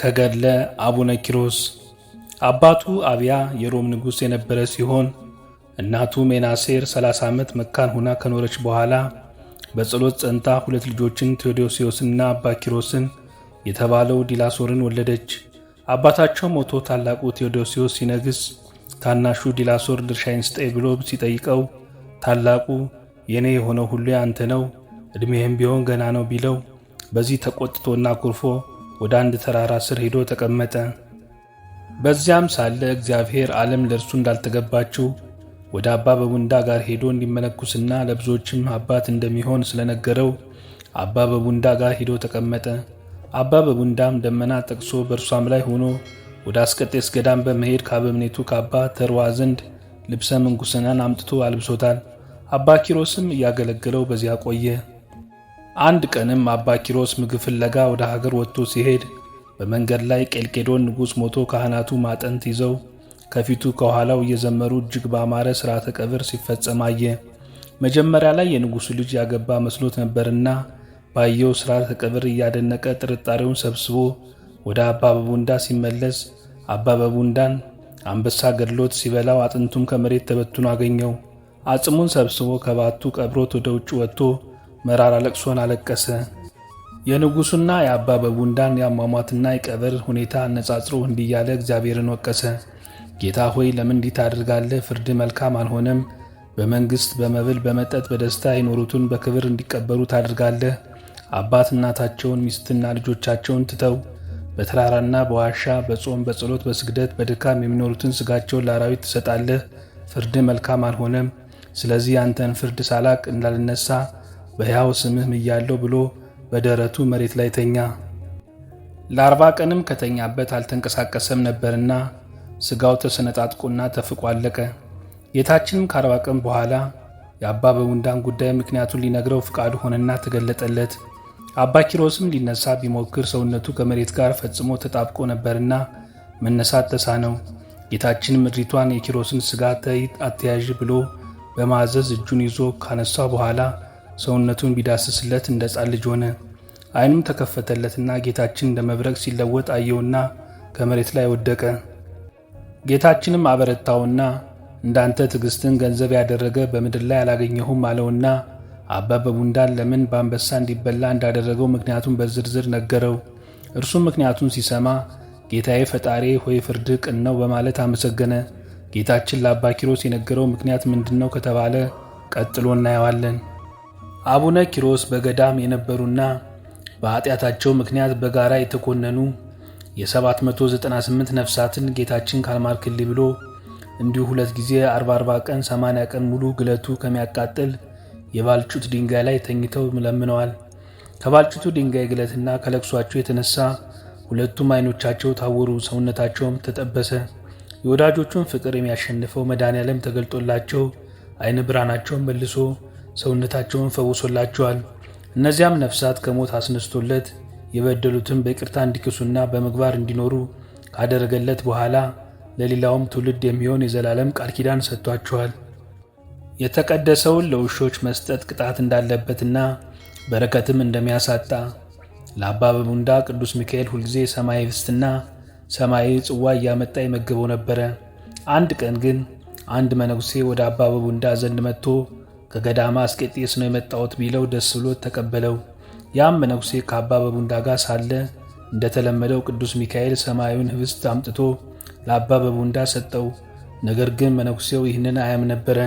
ከገድለ አቡነ ኪሮስ አባቱ አብያ የሮም ንጉሥ የነበረ ሲሆን እናቱ ሜናሴር 30 ዓመት መካን ሆና ከኖረች በኋላ በጸሎት ጸንታ ሁለት ልጆችን ቴዎዶሲዮስና አባ ኪሮስን የተባለው ዲላሶርን ወለደች። አባታቸው ሞቶ ታላቁ ቴዎዶሲዮስ ሲነግስ ታናሹ ዲላሶር ድርሻዬን ስጠኝ ብሎ ሲጠይቀው ታላቁ የእኔ የሆነው ሁሉ ያንተ ነው፣ ዕድሜህም ቢሆን ገና ነው ቢለው በዚህ ተቆጥቶና ኩርፎ ወደ አንድ ተራራ ስር ሄዶ ተቀመጠ። በዚያም ሳለ እግዚአብሔር ዓለም ለእርሱ እንዳልተገባችው ወደ አባ በቡንዳ ጋር ሄዶ እንዲመነኩስና ለብዙዎችም አባት እንደሚሆን ስለነገረው አባ በቡንዳ ጋር ሄዶ ተቀመጠ። አባ በቡንዳም ደመና ጠቅሶ በእርሷም ላይ ሆኖ ወደ አስቀጤስ ገዳም በመሄድ ከአበምኔቱ ከአባ ተርዋ ዘንድ ልብሰ ምንኩስናን አምጥቶ አልብሶታል። አባ ኪሮስም እያገለገለው በዚያ ቆየ። አንድ ቀንም አባ ኪሮስ ምግብ ፍለጋ ወደ ሀገር ወጥቶ ሲሄድ በመንገድ ላይ ቄልቄዶን ንጉሥ ሞቶ ካህናቱ ማጠንት ይዘው ከፊቱ ከኋላው እየዘመሩ እጅግ ባማረ ሥርዓተ ቀብር ሲፈጸም አየ። መጀመሪያ ላይ የንጉሡ ልጅ ያገባ መስሎት ነበርና ባየው ሥርዓተ ቀብር እያደነቀ ጥርጣሬውን ሰብስቦ ወደ አባ በቡንዳ ሲመለስ አባ በቡንዳን አንበሳ ገድሎት ሲበላው አጥንቱም ከመሬት ተበትኖ አገኘው። አጽሙን ሰብስቦ ከባቱ ቀብሮት ወደ ውጭ ወጥቶ መራራ ለቅሶን አለቀሰ። የንጉሱና የአባ በቡንዳን የአሟሟትና የቀብር ሁኔታ አነጻጽሮ እንዲያለ እግዚአብሔርን ወቀሰ። ጌታ ሆይ ለምን እንዲህ ታደርጋለህ? ፍርድ መልካም አልሆነም። በመንግሥት በመብል በመጠጥ በደስታ የኖሩትን በክብር እንዲቀበሩ ታደርጋለህ። አባት እናታቸውን ሚስትና ልጆቻቸውን ትተው በተራራና በዋሻ በጾም በጸሎት በስግደት በድካም የሚኖሩትን ስጋቸውን ለአራዊት ትሰጣለህ። ፍርድ መልካም አልሆነም። ስለዚህ አንተን ፍርድ ሳላቅ እንዳልነሳ በሕያው ስምህ ምያለው ብሎ በደረቱ መሬት ላይ ተኛ። ለአርባ ቀንም ከተኛበት አልተንቀሳቀሰም ነበርና ሥጋው ተሰነጣጥቆና ተፍቆ አለቀ። ጌታችንም ከአርባ ቀን በኋላ የአባ በውንዳን ጉዳይ ምክንያቱን ሊነግረው ፍቃዱ ሆነና ተገለጠለት። አባ ኪሮስም ሊነሳ ቢሞክር ሰውነቱ ከመሬት ጋር ፈጽሞ ተጣብቆ ነበርና መነሳት ተሳነው። ጌታችን ምድሪቷን የኪሮስን ሥጋ ተይ አትያዥ ብሎ በማዘዝ እጁን ይዞ ካነሳው በኋላ ሰውነቱን ቢዳስስለት እንደ ሕፃን ልጅ ሆነ። ዓይኑም ተከፈተለትና ጌታችን እንደ መብረቅ ሲለወጥ አየውና ከመሬት ላይ ወደቀ። ጌታችንም አበረታውና እንዳንተ ትዕግስትን ገንዘብ ያደረገ በምድር ላይ አላገኘሁም አለውና አባ በቡንዳን ለምን በአንበሳ እንዲበላ እንዳደረገው ምክንያቱን በዝርዝር ነገረው። እርሱም ምክንያቱን ሲሰማ ጌታዬ ፈጣሪ ሆይ ፍርድህ ቅን ነው በማለት አመሰገነ። ጌታችን ለአባ ኪሮስ የነገረው ምክንያት ምንድን ነው ከተባለ ቀጥሎ እናየዋለን። አቡነ ኪሮስ በገዳም የነበሩና በኃጢአታቸው ምክንያት በጋራ የተኮነኑ የ798 ነፍሳትን ጌታችን ካልማርክልኝ ብሎ እንዲሁ ሁለት ጊዜ 44 ቀን 80 ቀን ሙሉ ግለቱ ከሚያቃጥል የባልጩት ድንጋይ ላይ ተኝተው ለምነዋል። ከባልጩቱ ድንጋይ ግለትና ከለቅሷቸው የተነሳ ሁለቱም አይኖቻቸው ታወሩ፣ ሰውነታቸውም ተጠበሰ። የወዳጆቹን ፍቅር የሚያሸንፈው መድኃኔዓለም ተገልጦላቸው አይነ ብርሃናቸውን መልሶ ሰውነታቸውን ፈውሶላቸዋል። እነዚያም ነፍሳት ከሞት አስነስቶለት የበደሉትን በይቅርታ እንዲክሱና በምግባር እንዲኖሩ ካደረገለት በኋላ ለሌላውም ትውልድ የሚሆን የዘላለም ቃል ኪዳን ሰጥቷቸዋል። የተቀደሰውን ለውሾች መስጠት ቅጣት እንዳለበትና በረከትም እንደሚያሳጣ ለአባ በቡንዳ ቅዱስ ሚካኤል ሁልጊዜ ሰማያዊ ህብስትና ሰማያዊ ጽዋ እያመጣ ይመግበው ነበረ። አንድ ቀን ግን አንድ መነኩሴ ወደ አባ በቡንዳ ዘንድ መጥቶ ከገዳማ አስቄጤስ ነው የመጣሁት ቢለው ደስ ብሎት ተቀበለው። ያም መነኩሴ ከአባ በቡንዳ ጋር ሳለ እንደተለመደው ቅዱስ ሚካኤል ሰማያዊውን ህብስት አምጥቶ ለአባ በቡንዳ ሰጠው። ነገር ግን መነኩሴው ይህንን አያም ነበረ።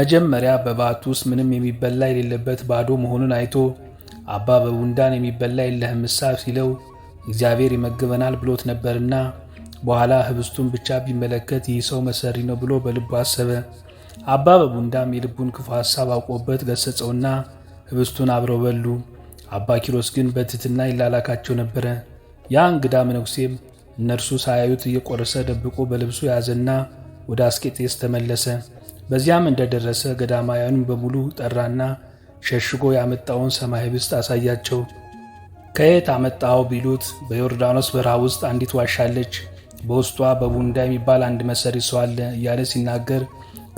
መጀመሪያ በባቱ ውስጥ ምንም የሚበላ የሌለበት ባዶ መሆኑን አይቶ አባ በቡንዳን የሚበላ ምሳብ ሲለው እግዚአብሔር ይመግበናል ብሎት ነበርና በኋላ ህብስቱን ብቻ ቢመለከት ይህ ሰው መሰሪ ነው ብሎ በልቡ አሰበ። አባ በቡንዳም የልቡን ክፉ ሐሳብ አውቆበት ገሰጸውና ህብስቱን አብረው በሉ። አባ ኪሮስ ግን በትህትና ይላላካቸው ነበረ። ያ እንግዳ መነኩሴም እነርሱ ሳያዩት እየቆረሰ ደብቆ በልብሱ ያዘና ወደ አስቄጤስ ተመለሰ። በዚያም እንደደረሰ ገዳማውያኑን በሙሉ ጠራና ሸሽጎ ያመጣውን ሰማይ ህብስት አሳያቸው። ከየት አመጣው ቢሉት በዮርዳኖስ በረሃ ውስጥ አንዲት ዋሻ በውስጧ በቡንዳ የሚባል አንድ መሰሪ ሰው አለ እያለ ሲናገር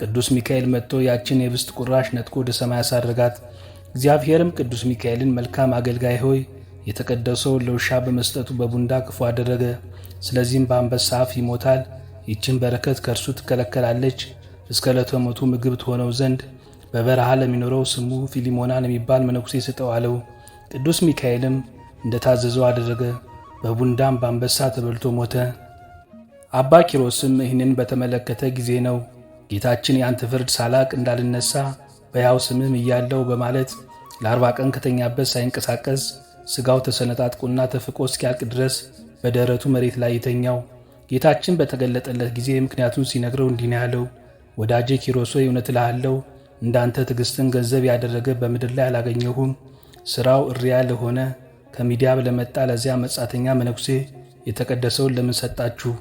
ቅዱስ ሚካኤል መጥቶ ያችን የብስት ቁራሽ ነጥቆ ወደ ሰማይ አሳረጋት። እግዚአብሔርም ቅዱስ ሚካኤልን መልካም አገልጋይ ሆይ የተቀደሰውን ለውሻ በመስጠቱ በቡንዳ ክፉ አደረገ፣ ስለዚህም በአንበሳ አፍ ይሞታል። ይችን በረከት ከእርሱ ትከለከላለች። እስከ ዕለተ ሞቱ ምግብ ትሆነው ዘንድ በበረሃ ለሚኖረው ስሙ ፊሊሞናን የሚባል መነኩሴ ስጠው አለው። ቅዱስ ሚካኤልም እንደታዘዘው አደረገ። በቡንዳም በአንበሳ ተበልቶ ሞተ። አባ ኪሮስም ይህንን በተመለከተ ጊዜ ነው ጌታችን የአንተ ፍርድ ሳላቅ እንዳልነሳ በያው ስምም እያለው በማለት ለአርባ ቀን ከተኛበት ሳይንቀሳቀስ ሥጋው ተሰነጣጥቆና ተፍቆ እስኪያልቅ ድረስ በደረቱ መሬት ላይ የተኛው ጌታችን በተገለጠለት ጊዜ ምክንያቱን ሲነግረው እንዲህ ያለው። ወዳጄ ኪሮሶ እውነት እልሃለሁ እንዳንተ ትዕግሥትን ገንዘብ ያደረገ በምድር ላይ አላገኘሁም። ሥራው እሪያ ለሆነ ከሚዲያ ለመጣ ለዚያ መጻተኛ መነኩሴ የተቀደሰውን ለምን ሰጣችሁ?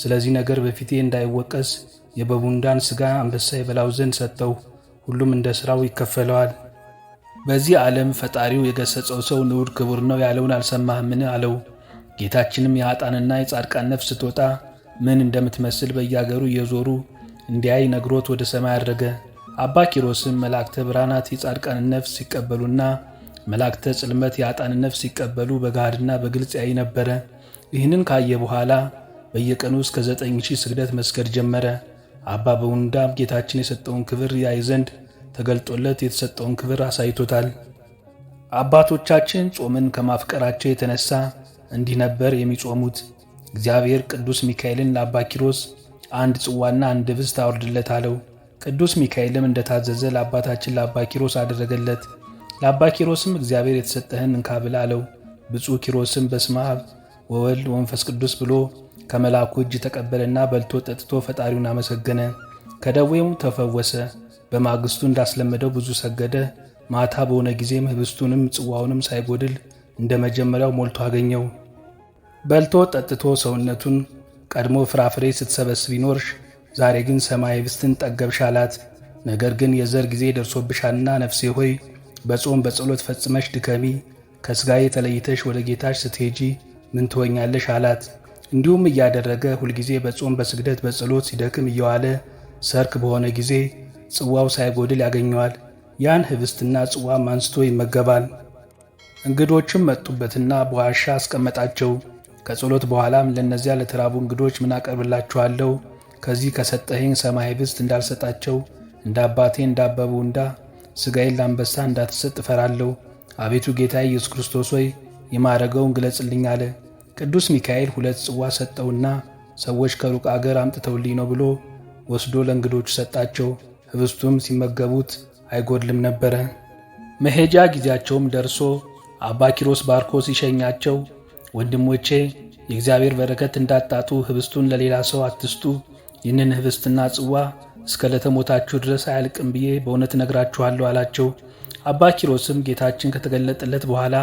ስለዚህ ነገር በፊቴ እንዳይወቀስ የበቡንዳን ሥጋ አንበሳ የበላው ዘንድ ሰጠው። ሁሉም እንደ ሥራው ይከፈለዋል። በዚህ ዓለም ፈጣሪው የገሰጸው ሰው ንዑድ ክቡር ነው ያለውን አልሰማህምን? አለው። ጌታችንም የአጣንና የጻድቃን ነፍስ ስትወጣ ምን እንደምትመስል በያገሩ እየዞሩ እንዲያይ ነግሮት ወደ ሰማይ አድረገ። አባ ኪሮስም መላእክተ ብርሃናት የጻድቃን ነፍስ ሲቀበሉና መላእክተ ጽልመት የአጣን ነፍስ ሲቀበሉ በጋድና በግልጽ ያይ ነበረ። ይህንን ካየ በኋላ በየቀኑ እስከ ዘጠኝ ሺህ ስግደት መስገድ ጀመረ። አባ በውንዳ ጌታችን የሰጠውን ክብር ያይ ዘንድ ተገልጦለት የተሰጠውን ክብር አሳይቶታል። አባቶቻችን ጾምን ከማፍቀራቸው የተነሳ እንዲህ ነበር የሚጾሙት። እግዚአብሔር ቅዱስ ሚካኤልን ለአባ ኪሮስ አንድ ጽዋና አንድ ህብስት አውርድለት አለው። ቅዱስ ሚካኤልም እንደታዘዘ ለአባታችን ለአባ ኪሮስ አደረገለት። ለአባ ኪሮስም እግዚአብሔር የተሰጠህን እንካብል አለው። ብፁዕ ኪሮስም በስመ አብ ወወልድ ወመንፈስ ቅዱስ ብሎ ከመልአኩ እጅ ተቀበለና በልቶ ጠጥቶ ፈጣሪውን አመሰገነ። ከደዌውም ተፈወሰ። በማግስቱ እንዳስለመደው ብዙ ሰገደ። ማታ በሆነ ጊዜም ህብስቱንም ጽዋውንም ሳይጎድል እንደ መጀመሪያው ሞልቶ አገኘው። በልቶ ጠጥቶ ሰውነቱን ቀድሞ ፍራፍሬ ስትሰበስብ ይኖርሽ፣ ዛሬ ግን ሰማይ ህብስትን ጠገብሽ አላት። ነገር ግን የዘር ጊዜ ደርሶብሻልና ነፍሴ ሆይ በጾም በጸሎት ፈጽመሽ ድከሚ፣ ከስጋዬ ተለይተሽ ወደ ጌታሽ ስትሄጂ ምን ትወኛለሽ አላት። እንዲሁም እያደረገ ሁልጊዜ በጾም በስግደት በጸሎት ሲደክም እየዋለ ሰርክ በሆነ ጊዜ ጽዋው ሳይጎድል ያገኘዋል። ያን ህብስትና ጽዋም አንስቶ ይመገባል። እንግዶችም መጡበትና በዋሻ አስቀመጣቸው። ከጸሎት በኋላም ለእነዚያ ለተራቡ እንግዶች ምን አቀርብላችኋለሁ? ከዚህ ከሰጠኸኝ ሰማይ ህብስት እንዳልሰጣቸው እንደ አባቴ አበቡ እንዳ ሥጋዬን ላንበሳ እንዳትሰጥ እፈራለሁ። አቤቱ ጌታ ኢየሱስ ክርስቶስ ሆይ የማረገውን ግለጽልኝ አለ። ቅዱስ ሚካኤል ሁለት ጽዋ ሰጠውና ሰዎች ከሩቅ አገር አምጥተውልኝ ነው ብሎ ወስዶ ለእንግዶቹ ሰጣቸው። ህብስቱም ሲመገቡት አይጎድልም ነበረ። መሄጃ ጊዜያቸውም ደርሶ አባ ኪሮስ ባርኮ ሲሸኛቸው ወንድሞቼ የእግዚአብሔር በረከት እንዳጣጡ ህብስቱን ለሌላ ሰው አትስጡ፣ ይህንን ህብስትና ጽዋ እስከ ለተሞታችሁ ድረስ አያልቅም ብዬ በእውነት ነግራችኋለሁ አላቸው። አባ ኪሮስም ጌታችን ከተገለጠለት በኋላ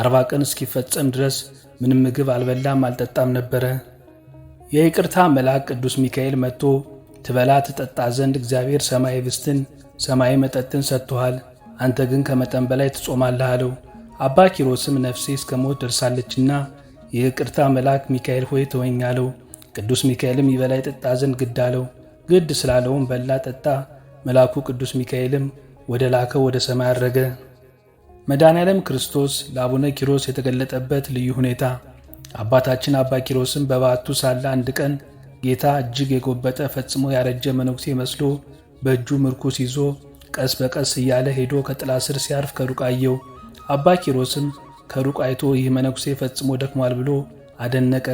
አርባ ቀን እስኪፈጸም ድረስ ምንም ምግብ አልበላም አልጠጣም ነበረ። የይቅርታ መልአክ ቅዱስ ሚካኤል መጥቶ ትበላ ትጠጣ ዘንድ እግዚአብሔር ሰማይ ብስትን ሰማይ መጠጥን ሰጥቶሃል፣ አንተ ግን ከመጠን በላይ ትጾማለህ አለው። አባ ኪሮስም ነፍሴ እስከ ሞት ደርሳለችና የይቅርታ መልአክ ሚካኤል ሆይ ተወኝ አለው። ቅዱስ ሚካኤልም ይበላ ይጠጣ ዘንድ ግድ አለው። ግድ ስላለውም በላ ጠጣ። መልአኩ ቅዱስ ሚካኤልም ወደ ላከው ወደ ሰማይ አረገ። መድኃኔዓለም ክርስቶስ ለአቡነ ኪሮስ የተገለጠበት ልዩ ሁኔታ አባታችን አባ ኪሮስም በባቱ ሳለ አንድ ቀን ጌታ እጅግ የጎበጠ ፈጽሞ ያረጀ መነኩሴ መስሎ በእጁ ምርኩስ ይዞ ቀስ በቀስ እያለ ሄዶ ከጥላ ስር ሲያርፍ ከሩቅ አየው። አባ ኪሮስም ከሩቅ አይቶ ይህ መነኩሴ ፈጽሞ ደክሟል ብሎ አደነቀ።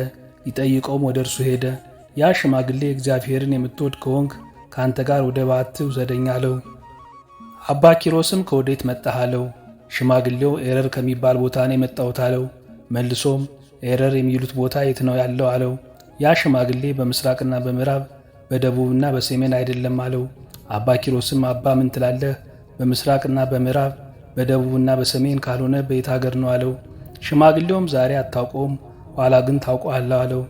ይጠይቀውም ወደ እርሱ ሄደ። ያ ሽማግሌ እግዚአብሔርን የምትወድ ከሆንክ ከአንተ ጋር ወደ ባት ውሰደኝ አለው። አባ ኪሮስም ከወዴት መጣህ አለው። ሽማግሌው ኤረር ከሚባል ቦታ ነው የመጣሁት አለው። መልሶም ኤረር የሚሉት ቦታ የት ነው ያለው አለው። ያ ሽማግሌ በምስራቅና በምዕራብ በደቡብና በሰሜን አይደለም አለው። አባ ኪሮስም አባ ምን ትላለህ? በምስራቅና በምዕራብ በደቡብና በሰሜን ካልሆነ በየት ሀገር ነው አለው። ሽማግሌውም ዛሬ አታውቀውም፣ ኋላ ግን ታውቀዋለህ አለው።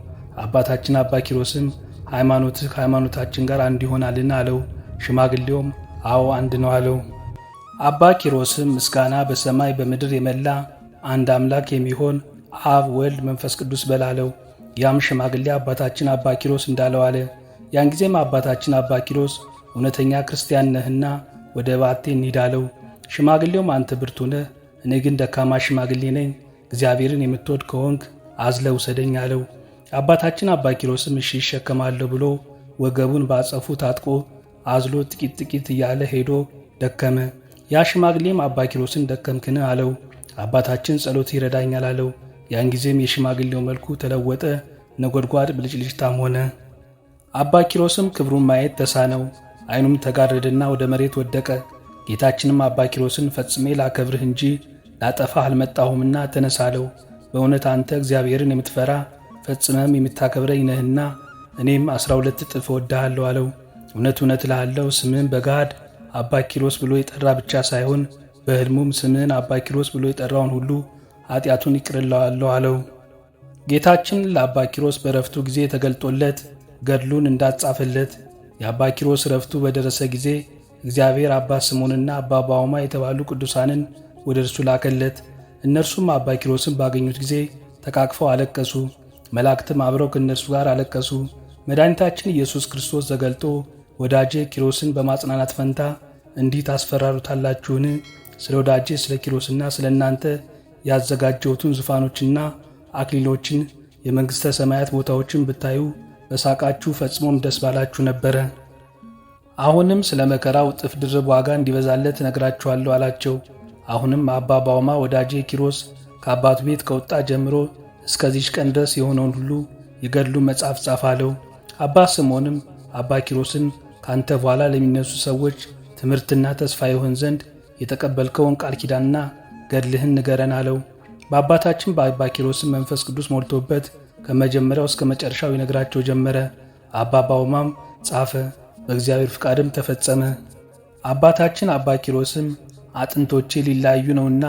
አባታችን አባ ኪሮስም ሃይማኖትህ ከሃይማኖታችን ጋር አንድ ይሆናልን አለው። ሽማግሌውም አዎ አንድ ነው አለው። አባ ኪሮስም ምስጋና በሰማይ በምድር የመላ አንድ አምላክ የሚሆን አብ ወልድ መንፈስ ቅዱስ በላለው። ያም ሽማግሌ አባታችን አባ ኪሮስ እንዳለው አለ። ያን ጊዜም አባታችን አባ ኪሮስ እውነተኛ ክርስቲያን ነህና ወደ ባቴ እንሂዳለው። ሽማግሌውም አንተ ብርቱ ነህ፣ እኔ ግን ደካማ ሽማግሌ ነኝ። እግዚአብሔርን የምትወድ ከሆንክ አዝለ ውሰደኝ አለው። አባታችን አባ ኪሮስም እሺ ይሸከማለሁ ብሎ ወገቡን ባጸፉ ታጥቆ አዝሎ ጥቂት ጥቂት እያለ ሄዶ ደከመ። ያ ሽማግሌም አባ ኪሮስን ደከምክን አለው። አባታችን ጸሎት ይረዳኛል አለው። ያን ጊዜም የሽማግሌው መልኩ ተለወጠ፣ ነጎድጓድ ብልጭልጭታም ሆነ። አባ ኪሮስም ክብሩን ማየት ተሳነው፣ ዓይኑም ተጋረደና ወደ መሬት ወደቀ። ጌታችንም አባ ኪሮስን ፈጽሜ ላከብርህ እንጂ ላጠፋህ አልመጣሁምና ተነሳለው። በእውነት አንተ እግዚአብሔርን የምትፈራ ፈጽመም የምታከብረኝ ነህና እኔም አስራ ሁለት እጥፍ እወድሃለሁ አለው። እውነት እውነት እልሃለሁ ስምህን በጋድ አባ ኪሮስ ብሎ የጠራ ብቻ ሳይሆን በሕልሙም ስምህን አባ ኪሮስ ብሎ የጠራውን ሁሉ ኃጢአቱን ይቅርለዋለሁ አለው። ጌታችን ለአባ ኪሮስ በረፍቱ ጊዜ ተገልጦለት ገድሉን እንዳጻፈለት የአባ ኪሮስ ረፍቱ በደረሰ ጊዜ እግዚአብሔር አባ ስሙንና አባ ባውማ የተባሉ ቅዱሳንን ወደ እርሱ ላከለት። እነርሱም አባ ኪሮስን ባገኙት ጊዜ ተቃቅፈው አለቀሱ። መላእክትም አብረው ከእነርሱ ጋር አለቀሱ። መድኃኒታችን ኢየሱስ ክርስቶስ ተገልጦ ወዳጄ ኪሮስን በማጽናናት ፈንታ እንዲህ ታስፈራሩታላችሁን? ስለ ወዳጄ ስለ ኪሮስና ስለ እናንተ ያዘጋጀሁትን ዙፋኖችና አክሊሎችን የመንግሥተ ሰማያት ቦታዎችን ብታዩ በሳቃችሁ ፈጽሞም ደስ ባላችሁ ነበረ። አሁንም ስለ መከራው ጥፍ ድርብ ዋጋ እንዲበዛለት ነግራችኋለሁ አላቸው። አሁንም አባ ባውማ ወዳጄ ኪሮስ ከአባቱ ቤት ከወጣ ጀምሮ እስከዚች ቀን ድረስ የሆነውን ሁሉ ይገድሉ መጽሐፍ ጻፍ አለው። አባ ስምዖንም አባ ኪሮስን ከአንተ በኋላ ለሚነሱ ሰዎች ትምህርትና ተስፋ ይሆን ዘንድ የተቀበልከውን ቃል ኪዳንና ገድልህን ንገረን አለው። በአባታችን በአባ መንፈስ ቅዱስ ሞልቶበት ከመጀመሪያው እስከ መጨረሻው ይነግራቸው ጀመረ። አባ ባውማም ጻፈ፣ በእግዚአብሔር ፍቃድም ተፈጸመ። አባታችን አባ ኪሮስም አጥንቶቼ ሊለያዩ ነውና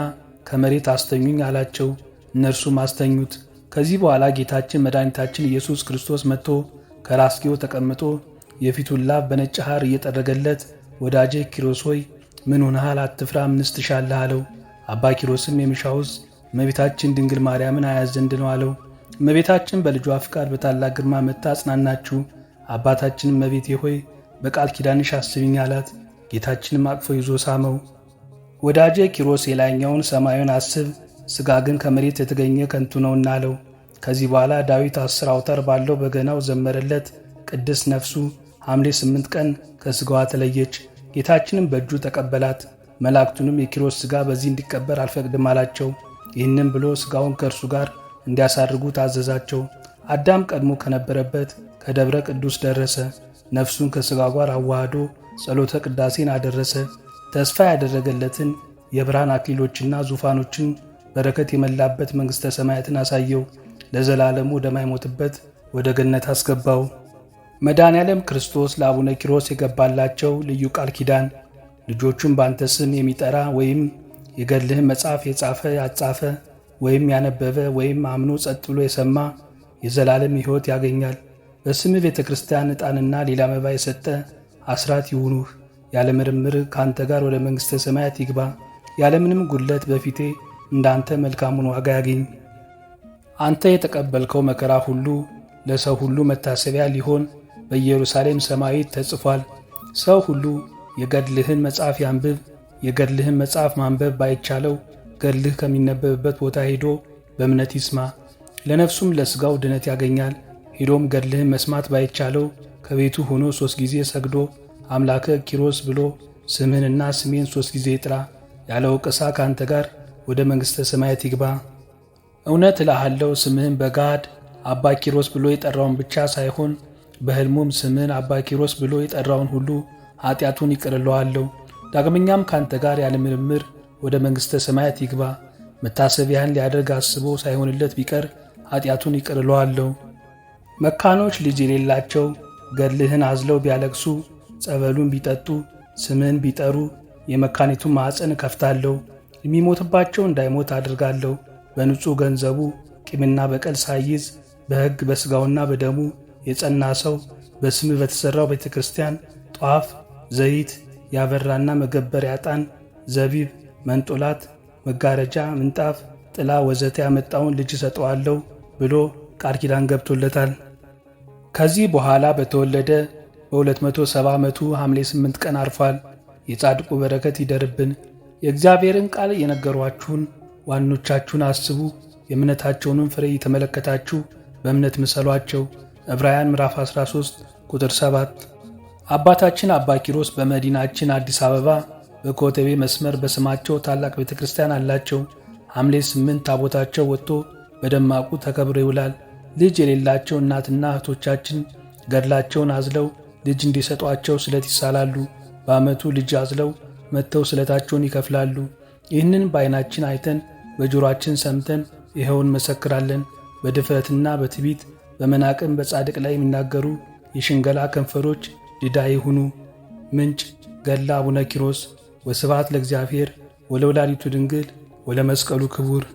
ከመሬት አስተኙኝ አላቸው። እነርሱም አስተኙት። ከዚህ በኋላ ጌታችን መድኃኒታችን ኢየሱስ ክርስቶስ መጥቶ ከራስጌው ተቀምጦ የፊቱን ላብ በነጭ ሐር እየጠረገለት ወዳጄ ኪሮስ ሆይ ምን ሆነሃል? አትፍራ፣ ምን ትሻለህ? አለው። አባ ኪሮስም የምሻውስ እመቤታችን ድንግል ማርያምን አያዝ ዘንድ ነው አለው። እመቤታችን በልጇ ፍቃድ በታላቅ ግርማ መታ አጽናናችሁ። አባታችንም እመቤቴ ሆይ በቃል ኪዳንሽ አስብኝ አላት። ጌታችንም አቅፎ ይዞ ሳመው። ወዳጄ ኪሮስ የላይኛውን ሰማዩን አስብ፣ ሥጋ ግን ከመሬት የተገኘ ከንቱ ነውና አለው። ከዚህ በኋላ ዳዊት አስር አውታር ባለው በገናው ዘመረለት። ቅድስት ነፍሱ ሐምሌ ስምንት ቀን ከሥጋዋ ተለየች። ጌታችንም በእጁ ተቀበላት። መላእክቱንም የኪሮስ ሥጋ በዚህ እንዲቀበር አልፈቅድም አላቸው። ይህንም ብሎ ሥጋውን ከእርሱ ጋር እንዲያሳርጉ ታዘዛቸው። አዳም ቀድሞ ከነበረበት ከደብረ ቅዱስ ደረሰ። ነፍሱን ከሥጋ ጋር አዋህዶ ጸሎተ ቅዳሴን አደረሰ። ተስፋ ያደረገለትን የብርሃን አክሊሎችና ዙፋኖችን በረከት የመላበት መንግሥተ ሰማያትን አሳየው። ለዘላለሙ ወደማይሞትበት ወደ ገነት አስገባው። መድኃኔዓለም ክርስቶስ ለአቡነ ኪሮስ የገባላቸው ልዩ ቃል ኪዳን ልጆቹን በአንተ ስም የሚጠራ ወይም የገድልህን መጽሐፍ የጻፈ ያጻፈ ወይም ያነበበ ወይም አምኖ ጸጥ ብሎ የሰማ የዘላለም ሕይወት ያገኛል። በስም ቤተ ክርስቲያን ዕጣንና ሌላ መባ የሰጠ አስራት ይሁኑህ። ያለ ምርምር ከአንተ ጋር ወደ መንግሥተ ሰማያት ይግባ። ያለምንም ጉድለት በፊቴ እንዳንተ መልካሙን ዋጋ ያገኝ። አንተ የተቀበልከው መከራ ሁሉ ለሰው ሁሉ መታሰቢያ ሊሆን በኢየሩሳሌም ሰማያዊት ተጽፏል። ሰው ሁሉ የገድልህን መጽሐፍ ያንብብ። የገድልህን መጽሐፍ ማንበብ ባይቻለው ገድልህ ከሚነበብበት ቦታ ሄዶ በእምነት ይስማ። ለነፍሱም ለሥጋው ድነት ያገኛል። ሄዶም ገድልህን መስማት ባይቻለው ከቤቱ ሆኖ ሦስት ጊዜ ሰግዶ አምላከ ኪሮስ ብሎ ስምህንና ስሜን ሦስት ጊዜ ጥራ ያለ ወቀሳ ከአንተ ጋር ወደ መንግሥተ ሰማያት ይግባ። እውነት እልሃለሁ ስምህን በጋድ አባ ኪሮስ ብሎ የጠራውን ብቻ ሳይሆን በሕልሙም ስምን አባ ኪሮስ ብሎ የጠራውን ሁሉ ኃጢአቱን ይቅርለዋለሁ። ዳግመኛም ካንተ ጋር ያለ ምርምር ወደ መንግሥተ ሰማያት ይግባ። መታሰቢያን ሊያደርግ አስቦ ሳይሆንለት ቢቀር ኃጢአቱን ይቅርለዋለሁ። መካኖች ልጅ የሌላቸው ገድልህን አዝለው ቢያለቅሱ፣ ጸበሉን ቢጠጡ፣ ስምህን ቢጠሩ የመካኒቱን ማዕፀን እከፍታለሁ። የሚሞትባቸው እንዳይሞት አድርጋለሁ። በንጹሕ ገንዘቡ ቂምና በቀል ሳይዝ በሕግ በሥጋውና በደሙ የጸና ሰው በስም በተሠራው ቤተ ክርስቲያን ጧፍ፣ ዘይት፣ ያበራና መገበር ያጣን ዘቢብ፣ መንጦላት፣ መጋረጃ፣ ምንጣፍ፣ ጥላ ወዘተ ያመጣውን ልጅ እሰጠዋለሁ ብሎ ቃል ኪዳን ገብቶለታል። ከዚህ በኋላ በተወለደ በ270 ዓመቱ ሐምሌ 8 ቀን አርፏል። የጻድቁ በረከት ይደርብን። የእግዚአብሔርን ቃል የነገሯችሁን ዋኖቻችሁን አስቡ፣ የእምነታቸውንም ፍሬ የተመለከታችሁ በእምነት ምሰሏቸው። ዕብራውያን ምዕራፍ 13 ቁጥር 7 አባታችን አባ ኪሮስ በመዲናችን አዲስ አበባ በኮተቤ መስመር በስማቸው ታላቅ ቤተ ክርስቲያን አላቸው። ሐምሌ 8 ታቦታቸው ወጥቶ በደማቁ ተከብሮ ይውላል። ልጅ የሌላቸው እናትና እህቶቻችን ገድላቸውን አዝለው ልጅ እንዲሰጧቸው ስለት ይሳላሉ። በዓመቱ ልጅ አዝለው መጥተው ስለታቸውን ይከፍላሉ። ይህንን በዓይናችን አይተን በጆሮአችን ሰምተን ይኸውን መሰክራለን። በድፍረትና በትቢት በመናቅም በጻድቅ ላይ የሚናገሩ የሽንገላ ከንፈሮች ድዳ ይሁኑ። ምንጭ ገላ አቡነ ኪሮስ። ወስብሐት ለእግዚአብሔር ወለወላዲቱ ድንግል ወለመስቀሉ ክቡር